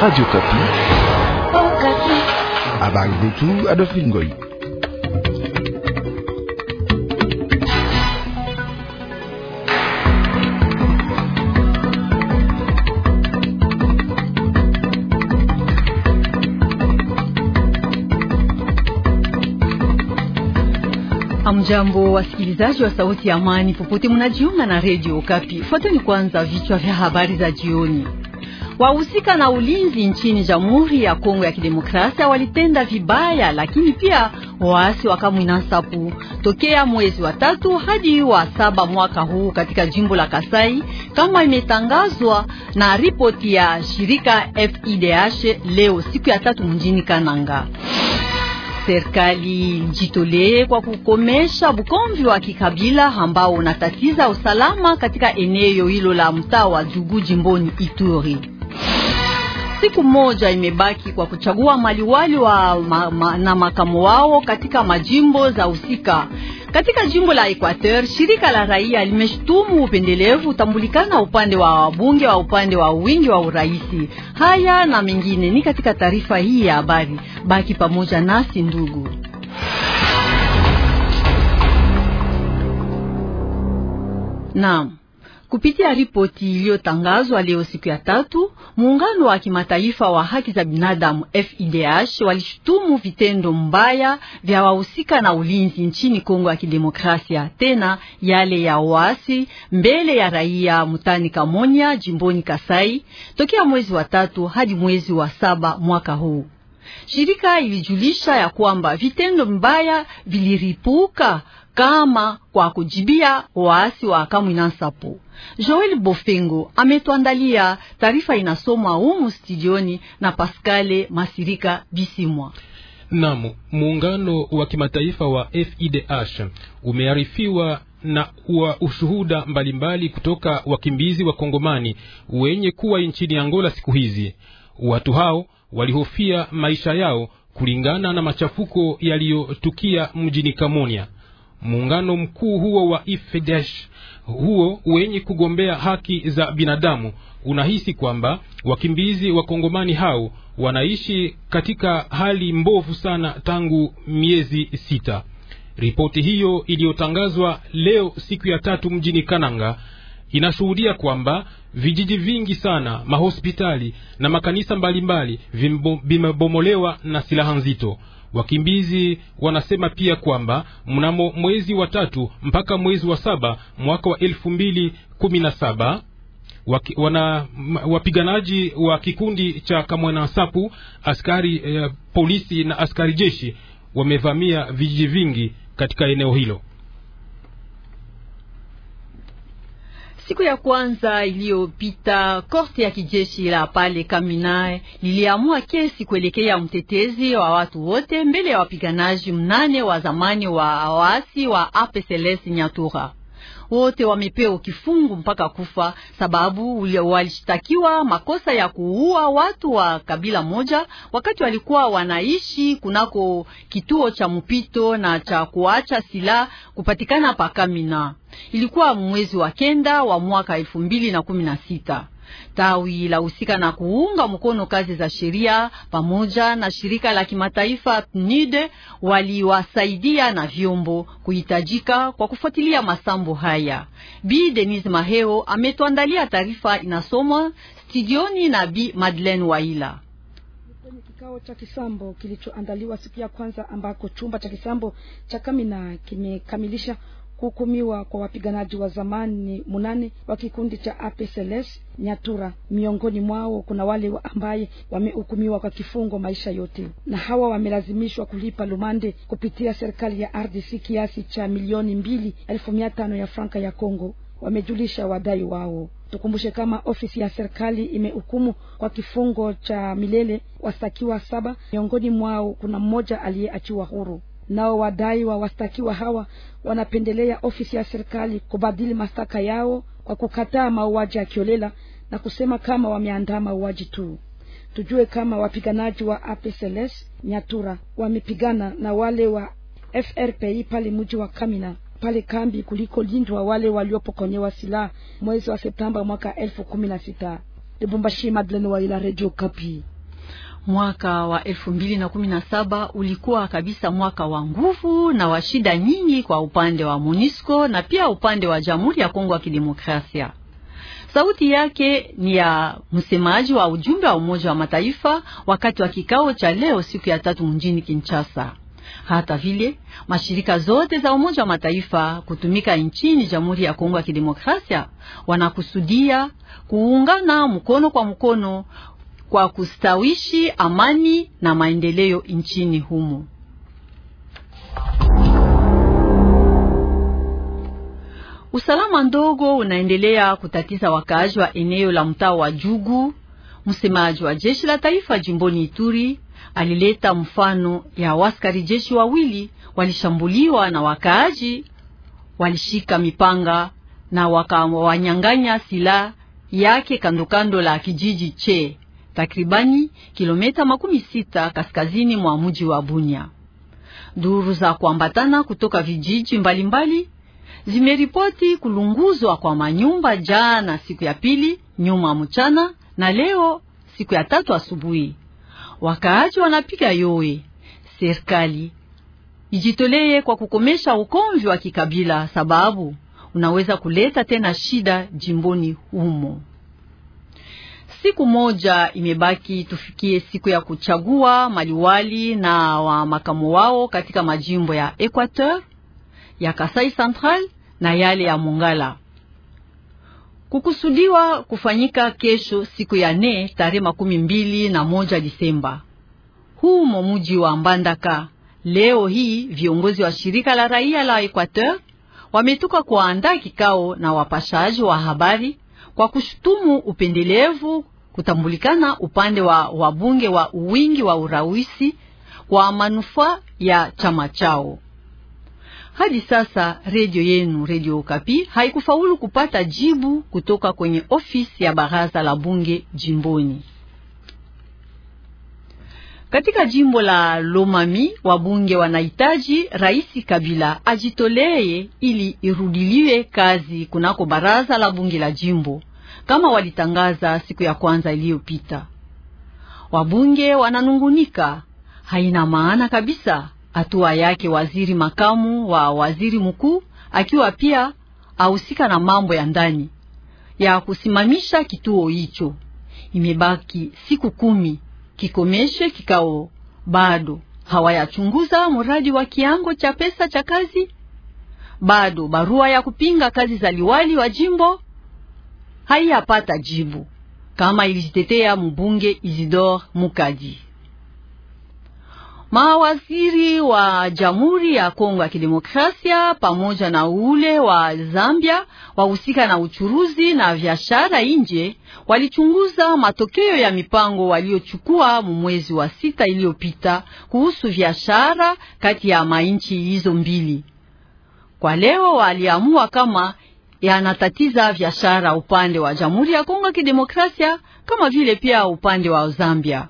Radio Kapi. Oh, Kapi. Habari zetu Adolphe Ngoi. Hamjambo, wasikilizaji wa sauti ya amani, popote mnajiunga na redio Kapi. Fuateni kwanza vichwa vya habari za jioni. Wahusika na ulinzi nchini Jamhuri ya Kongo ya Kidemokrasia walitenda vibaya, lakini pia waasi wa nsapu tokea mwezi wa tatu hadi wa saba mwaka huu katika jimbo la Kasai, kama imetangazwa na ripoti ya shirika FIDH leo siku ya tatu mjini Kananga. Serikali jitolee kwa kukomesha bukomvi wa kikabila ambao unatatiza usalama katika eneo hilo la mtaa wa Jugu jimboni Ituri. Siku moja imebaki kwa kuchagua maliwali wa ma, ma, na makamu wao katika majimbo za husika. Katika jimbo la Equateur, shirika la raia limeshtumu upendelevu utambulikana upande wa wabunge wa upande wa wingi wa uraisi. Haya na mengine ni katika taarifa hii ya habari. Baki pamoja nasi ndugu. Naam. Kupitia ripoti iliyotangazwa leo siku ya tatu, muungano wa kimataifa wa haki za binadamu FIDH walishutumu vitendo mbaya vya wahusika na ulinzi nchini Kongo ya Kidemokrasia, tena yale ya waasi mbele ya raia mutani Kamonya, jimboni Kasai, tokea mwezi wa tatu hadi mwezi wa saba mwaka huu. Shirika ilijulisha ya kwamba vitendo mbaya viliripuka kama kwa kujibia waasi wa Kamwina Nsapo. Joel Bofengo ametuandalia taarifa, inasomwa humu studioni na Pascale Masirika Bisimwa. Naam, muungano wa kimataifa wa FIDH umearifiwa na wa ushuhuda mbalimbali mbali kutoka wakimbizi wa Kongomani wenye kuwa nchini Angola siku hizi. Watu hao walihofia maisha yao kulingana na machafuko yaliyotukia mjini Kamonia. Muungano mkuu huo wa IFEDESH huo wenye kugombea haki za binadamu unahisi kwamba wakimbizi wakongomani hao wanaishi katika hali mbovu sana tangu miezi sita. Ripoti hiyo iliyotangazwa leo siku ya tatu mjini Kananga inashuhudia kwamba vijiji vingi sana, mahospitali na makanisa mbalimbali vimebomolewa na silaha nzito. Wakimbizi wanasema pia kwamba mnamo mwezi wa tatu mpaka mwezi wa saba mwaka wa elfu mbili kumi na saba Waki, wana wapiganaji wa kikundi cha Kamwanansapu askari eh, polisi na askari jeshi wamevamia vijiji vingi katika eneo hilo. Siku ya kwanza iliyopita korti ya kijeshi la pale Kamina liliamua kesi kuelekea mtetezi wa watu wote mbele ya wapiganaji mnane wa zamani wa awasi wa APCLS Nyatura wote wamepewa kifungu mpaka kufa, sababu walishtakiwa makosa ya kuua watu wa kabila moja wakati walikuwa wanaishi kunako kituo cha mpito na cha kuacha silaha kupatikana pa Kamina. Ilikuwa mwezi wa kenda wa mwaka elfu mbili na kumi na sita. Tawi la husika na kuunga mkono kazi za sheria pamoja na shirika la kimataifa PNUD waliwasaidia na vyombo kuhitajika kwa kufuatilia masambo haya. Bi Denise Maheo ametuandalia taarifa inasomwa studioni na Bi Madeleine Waila. Kwenye kikao cha kisambo kilichoandaliwa siku ya kwanza ambako chumba cha kisambo cha Kamina kimekamilisha kuhukumiwa kwa wapiganaji wa zamani munane wa kikundi cha APCLS Nyatura. Miongoni mwao kuna wale ambaye wamehukumiwa kwa kifungo maisha yote, na hawa wamelazimishwa kulipa lumande kupitia serikali ya RDC kiasi cha milioni mbili elfu mia tano ya franka ya Kongo, wamejulisha wadai wao. Tukumbushe kama ofisi ya serikali imehukumu kwa kifungo cha milele wastakiwa saba, miongoni mwao kuna mmoja aliyeachiwa huru. Nao wadai wa wastakiwa hawa wanapendelea ofisi ya serikali kubadili mashtaka yao kwa kukataa mauaji ya kiolela na kusema kama wameandaa mauaji tu. Tujue kama wapiganaji wa APCLS Nyatura wamepigana na wale wa FRPI pale mji wa Kamina pale kambi kuliko lindwa wale waliopokonyewa silaha mwezi wa Septemba mwaka elfu kumi na sita. Lubumbashi, Waila, Radio Kapi. Mwaka wa elfu mbili na kumi na saba ulikuwa kabisa mwaka wa nguvu na wa shida nyingi kwa upande wa MONUSCO na pia upande wa Jamhuri ya Kongo ya Kidemokrasia. Sauti yake ni ya msemaji wa ujumbe wa Umoja wa Mataifa wakati wa kikao cha leo siku ya tatu mjini Kinshasa. Hata vile mashirika zote za Umoja wa Mataifa kutumika nchini Jamhuri ya Kongo ya Kidemokrasia wanakusudia kuungana mkono kwa mkono kwa kustawishi amani na maendeleo nchini humo. Usalama ndogo unaendelea kutatiza wakaaji wa eneo la mtaa wa Jugu. Msemaji wa jeshi la taifa jimboni Ituri alileta mfano ya waskari jeshi wawili walishambuliwa na wakaaji, walishika mipanga na wakawanyang'anya silaha yake kandokando la kijiji che takribani kilomita makumi sita kaskazini mwa mji wa Bunya. Duru za kuambatana kutoka vijiji mbalimbali zimeripoti kulunguzwa kwa manyumba jana siku ya pili nyuma mchana na leo siku ya tatu asubuhi. Wakaaji wanapiga yowe serikali ijitolee kwa kukomesha ukomvi wa kikabila, sababu unaweza kuleta tena shida jimboni humo. Siku moja imebaki tufikie siku ya kuchagua maliwali na wa makamu wao katika majimbo ya Equateur, ya Kasai Central na yale ya Mongala. Kukusudiwa kufanyika kesho siku ya nne tarehe makumi mbili na moja Disemba huu muji wa Mbandaka. Leo hii viongozi wa shirika la raia la Equateur wametuka kuandaa kikao na wapashaji wa habari kwa kushutumu upendelevu, kutambulikana upande wa wabunge wa wingi wa urawisi kwa manufaa ya chama chao. Hadi sasa redio yenu Redio Okapi haikufaulu kupata jibu kutoka kwenye ofisi ya baraza la bunge jimboni. Katika jimbo la Lomami wabunge wanahitaji Rais Kabila ajitolee ili irudiliwe kazi kunako baraza la bunge la jimbo kama walitangaza siku ya kwanza iliyopita. Wabunge wananungunika, haina maana kabisa hatua yake waziri makamu wa waziri mkuu akiwa pia ahusika na mambo ya ndani ya kusimamisha kituo hicho. Imebaki siku kumi kikomeshe kikao. Bado hawayachunguza mradi wa kiango cha pesa cha kazi, bado barua ya kupinga kazi za liwali wa jimbo haiyapata jibu kama ilijitetea mbunge Isidore Mukadi. Mawaziri wa Jamhuri ya Kongo ya Kidemokrasia pamoja na ule wa Zambia wahusika na uchuruzi na biashara nje walichunguza matokeo ya mipango waliochukua mwezi wa sita iliyopita kuhusu biashara kati ya mainchi hizo mbili. Kwa leo waliamua kama yanatatiza biashara upande wa Jamhuri ya Kongo ya Kidemokrasia kama vile pia upande wa Zambia,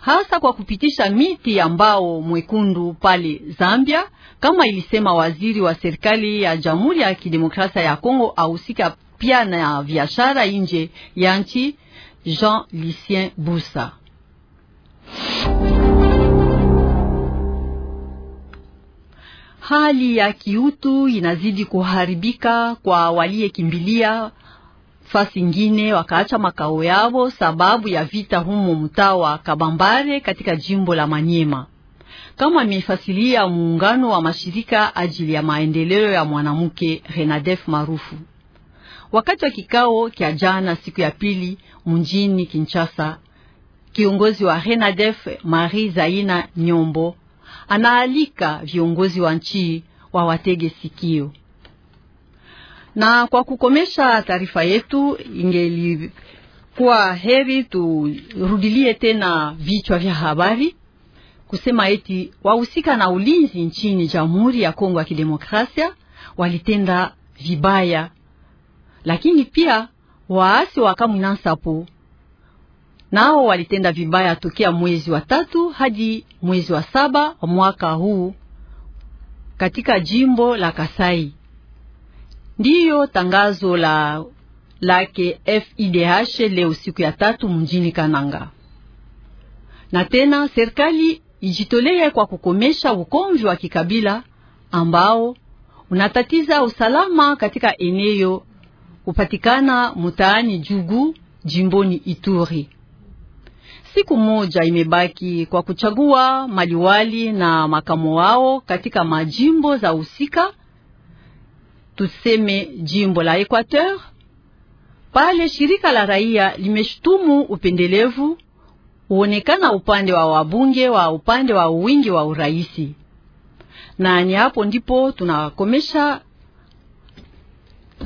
hasa kwa kupitisha miti ya mbao mwekundu pale Zambia, kama ilisema waziri wa serikali ya Jamhuri ya Kidemokrasia ya Kongo ahusika pia na biashara nje ya nchi Jean Lucien Busa. Hali ya kiutu inazidi kuharibika kwa waliyekimbilia fasi ingine wakaacha makao yao sababu ya vita humo mtaa wa Kabambare katika jimbo la Manyema, kama imefasilia muungano wa mashirika ajili ya maendeleo ya mwanamke Renadef maarufu wakati wa kikao kya jana siku ya pili mjini Kinshasa. Kiongozi wa Renadef Marie Zaina Nyombo anaalika viongozi wa nchi wawatege sikio. Na kwa kukomesha taarifa yetu, ingelikuwa heri turudilie tena vichwa vya habari kusema eti wahusika na ulinzi nchini Jamhuri ya Kongo ya Kidemokrasia walitenda vibaya, lakini pia waasi wa Kamwina nao walitenda vibaya tokea mwezi wa tatu hadi mwezi wa saba wa mwaka huu katika jimbo la Kasai. Ndiyo tangazo la lake FIDH leo siku ya tatu mjini Kananga. Na tena serikali ijitolee kwa kukomesha ukomvi wa kikabila ambao unatatiza usalama katika eneo kupatikana mtaani Jugu jimboni Ituri siku moja imebaki kwa kuchagua maliwali na makamo wao katika majimbo za husika. Tuseme jimbo la Equateur, pale shirika la raia limeshutumu upendelevu huonekana upande wa wabunge wa upande wa wingi wa uraisi. Na ni hapo ndipo tunakomesha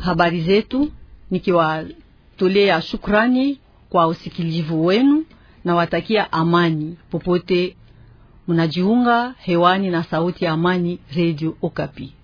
habari zetu, nikiwatolea shukrani kwa usikilivu wenu nawatakia amani popote mnajiunga hewani na sauti ya amani, Radio Okapi.